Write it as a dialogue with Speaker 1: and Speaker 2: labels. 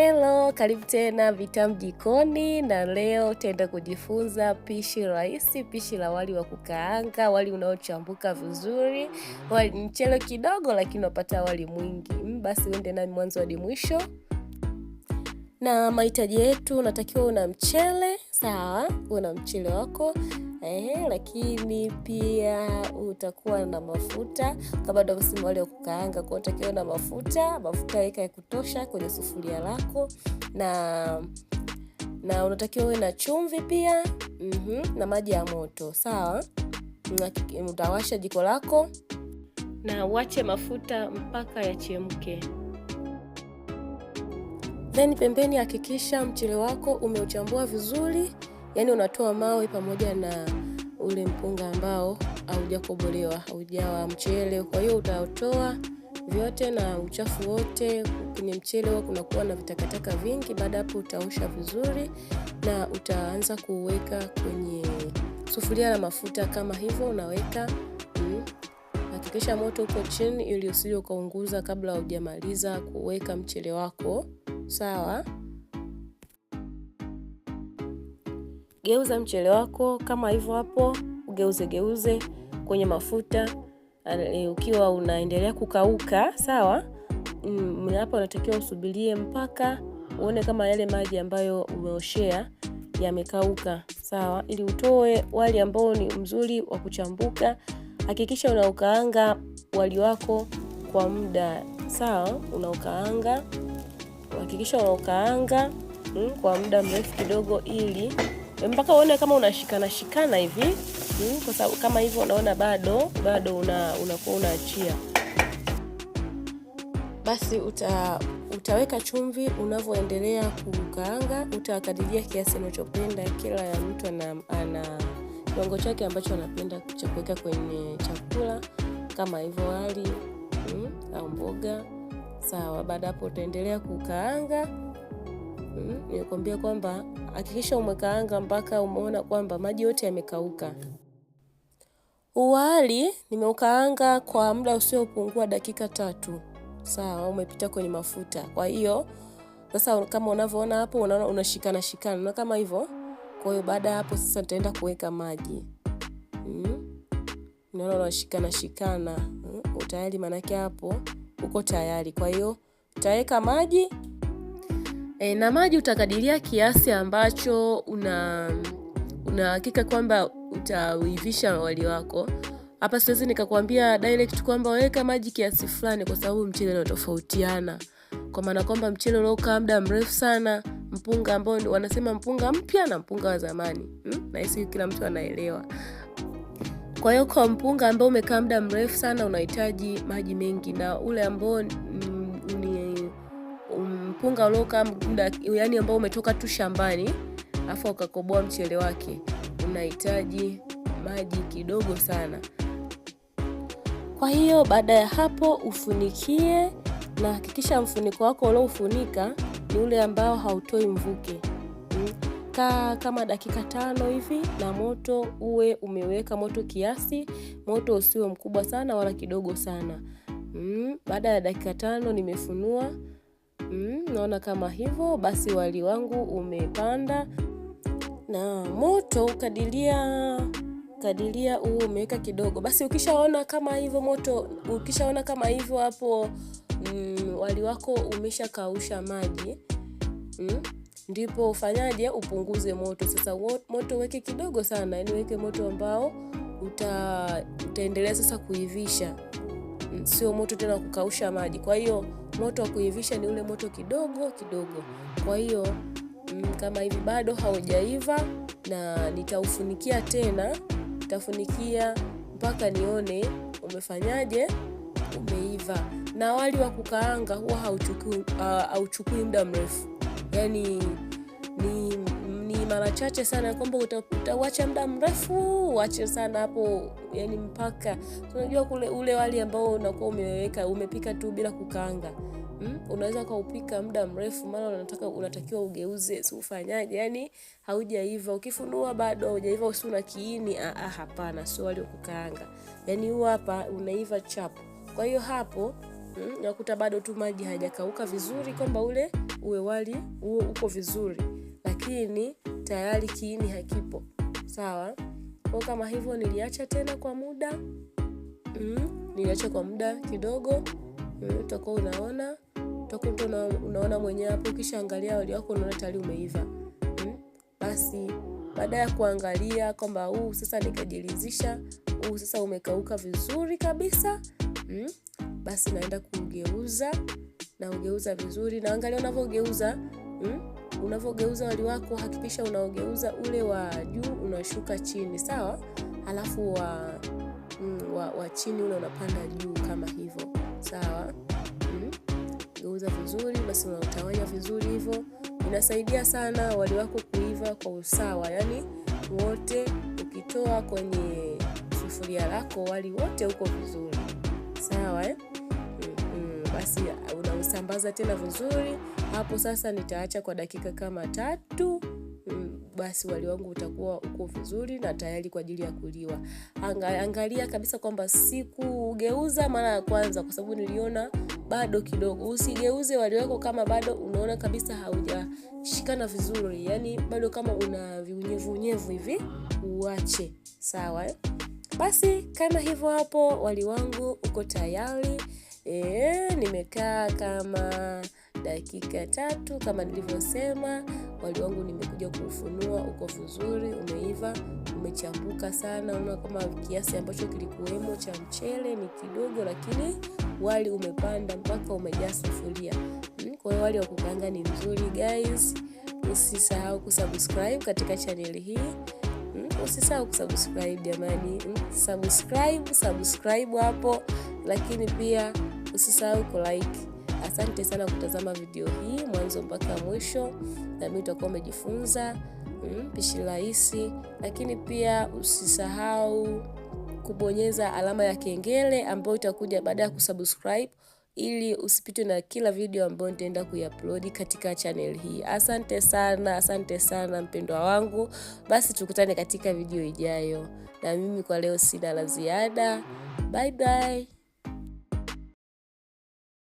Speaker 1: Hello, karibu tena Vitamu Jikoni, na leo tenda kujifunza pishi rahisi, pishi la wali wa kukaanga, wali unaochambuka vizuri, wali mchele kidogo, lakini unapata wali mwingi. Mm, basi uende nami mwanzo hadi mwisho. Na mahitaji yetu, unatakiwa una mchele sawa, una mchele wako eh, lakini pia utakuwa na mafuta kama navyosema wale wa kukaanga, kwa utakiwa na mafuta. Mafuta weka ya kutosha kwenye sufuria lako, na na unatakiwa uwe na chumvi pia mm -hmm, na maji ya moto sawa. Utawasha jiko lako
Speaker 2: na uache mafuta mpaka yachemke.
Speaker 1: Then pembeni, hakikisha mchele wako umeuchambua vizuri yani unatoa mawe pamoja na ule mpunga ambao haujakobolewa haujawa mchele. Kwa hiyo utatoa vyote na uchafu wote kwenye mchele, huo kunakuwa na vitakataka vingi. Baada hapo, utaosha vizuri na utaanza kuweka kwenye sufuria la mafuta kama hivyo, unaweka hmm. hakikisha mm, moto uko chini ili usije ukaunguza kabla haujamaliza kuweka mchele wako, sawa. geuza mchele wako kama hivyo hapo, ugeuze geuze kwenye mafuta eh, ukiwa unaendelea kukauka sawa. Mm, hapa unatakiwa usubilie mpaka uone kama yale maji ambayo umeoshea yamekauka sawa, ili utoe wali ambao ni mzuri wa kuchambuka. Hakikisha unaukaanga wali wako kwa muda sawa, unaukaanga, hakikisha unaukaanga mm, kwa muda mrefu kidogo ili mpaka uone kama unashikana shikana hivi hmm, kwa sababu kama hivyo unaona bado bado unakuwa una unaachia, basi uta utaweka chumvi unavyoendelea kukaanga, utakadiria kiasi unachopenda. Kila ya mtu ana, ana kiwango chake ambacho anapenda cha kuweka kwenye chakula kama hivyo wali hmm, au mboga sawa. Baada hapo utaendelea kukaanga. Hmm, Nikuambia kwamba hakikisha umekaanga mpaka umeona kwamba maji yote yamekauka. Uwali nimeukaanga kwa muda usiopungua dakika tatu. Sawa, umepita kwenye mafuta. Kwa hiyo sasa kama unavyoona hapo, unaona unashikana shikana, na kama hivyo. Kwa hiyo baada ya hapo sasa nitaenda kuweka maji mm. Unaona unashikana shikana mm. Utayari, maanake hapo uko tayari. Kwa hiyo utaweka maji
Speaker 2: E, na maji utakadiria kiasi ambacho una una hakika kwamba utauivisha wali wako. Hapa siwezi nikakwambia direct kwamba weka maji kiasi fulani, kwa sababu mchele unatofautiana, kwa maana kwamba mchele uliokaa muda mrefu sana, mpunga ambao wanasema mpunga mpya na mpunga wa zamani hmm? Nahisi kila mtu anaelewa. Kwa hiyo kwa mpunga ambao umekaa muda mrefu sana unahitaji maji mengi, na ule ambao mpunga uliokaa muda, yani ambao umetoka tu shambani alafu ukakoboa mchele wake, unahitaji maji kidogo sana.
Speaker 1: Kwa hiyo baada ya hapo ufunikie, na hakikisha mfuniko wako ulioufunika ni ule ambao hautoi mvuke. Hmm? Kaa kama dakika tano hivi, na moto uwe umeweka moto kiasi. Moto usiwe mkubwa sana wala kidogo sana. Hmm? Baada ya dakika tano nimefunua mm, naona kama hivyo basi wali wangu umepanda na moto ukadilia kadilia huu umeweka kidogo basi ukishaona kama hivyo moto ukishaona kama hivyo hapo mm, wali wako umeshakausha maji mm, ndipo ufanyaje upunguze moto sasa moto weke kidogo sana yani weke moto ambao uta, utaendelea sasa kuivisha sio moto tena kukausha maji. Kwa hiyo moto wa kuivisha ni ule moto kidogo kidogo. Kwa hiyo mm, kama hivi bado haujaiva, na nitaufunikia tena, nitafunikia mpaka nione umefanyaje, umeiva. Na wali wa kukaanga huwa hauchukui uh, hauchukui muda mrefu, yaani ni mara chache sana, kwamba utawacha muda mrefu, uache sana hapo, yani mpaka unajua kule ule wali ambao unakuwa umeweka umepika tu bila kukaanga Hmm? unaweza ukaupika muda mrefu, mara unataka unatakiwa ugeuze, si ufanyaje? Yani haujaiva, ukifunua bado haujaiva, usi una kiini. Ah, ah, hapana, sio wali kukaanga, yani huu hapa unaiva chap. Kwa hiyo hapo mm, nakuta bado tu maji hajakauka vizuri, kwamba ule uwe wali huo uko vizuri, lakini tayari kiini hakipo sawa kwao kama hivyo niliacha tena kwa muda mm, niliacha kwa muda kidogo mm, utakuwa unaona utakuwa una, unaona mwenyewe hapo ukishaangalia wali wako unaona tayari umeiva mm, basi baada ya kuangalia kwamba huu sasa nikajirizisha huu sasa umekauka vizuri kabisa mm, basi naenda kugeuza naugeuza vizuri naangalia unavyogeuza mm, unavogeuza wali wako hakikisha unaogeuza ule wa juu unashuka chini sawa alafu wa, mm, wa, wa chini ule unapanda juu kama hivyo sawa mm. geuza vizuri basi unautawanya vizuri hivyo inasaidia sana wali wako kuiva kwa usawa yani wote ukitoa kwenye sufuria lako wali wote uko vizuri sawa eh? mm -mm. basi nausambaza tena vizuri. Hapo sasa nitaacha kwa dakika kama tatu mm, basi wali wangu utakuwa uko vizuri na tayari kwa ajili ya kuliwa. Angalia kabisa kwamba sikugeuza mara ya kwanza, kwa sababu niliona bado kidogo. Usigeuze wali wako kama bado unaona kabisa haujashikana vizuri, yani bado kama una viunyevu unyevu hivi, uache sawa. Basi kama hivyo, hapo wali wangu uko tayari. E, nimekaa kama dakika tatu kama nilivyosema. Wali wangu nimekuja kuufunua, uko vizuri, umeiva, umechambuka sana. Unaona kama kiasi ambacho kilikuwemo cha mchele ni kidogo, lakini wali umepanda mpaka umejaa sufuria. Hmm, kwa hiyo wali wa kukanga ni mzuri guys. Usisahau kusubscribe katika chaneli hii. Hmm, usisahau kusubscribe jamani, hmm, subscribe subscribe hapo, lakini pia Usisahau kulike. Asante sana kutazama video hii mwanzo mpaka mwisho, nami utakuwa umejifunza mm, pishi rahisi. Lakini pia usisahau kubonyeza alama ya kengele ambayo itakuja baada ya kusubscribe ili usipitwe na kila video ambayo nitaenda kuiupload katika channel hii. Asante sana, asante sana mpendwa wangu. Basi tukutane katika video ijayo, na mimi kwa leo sina la ziada. Bye bye.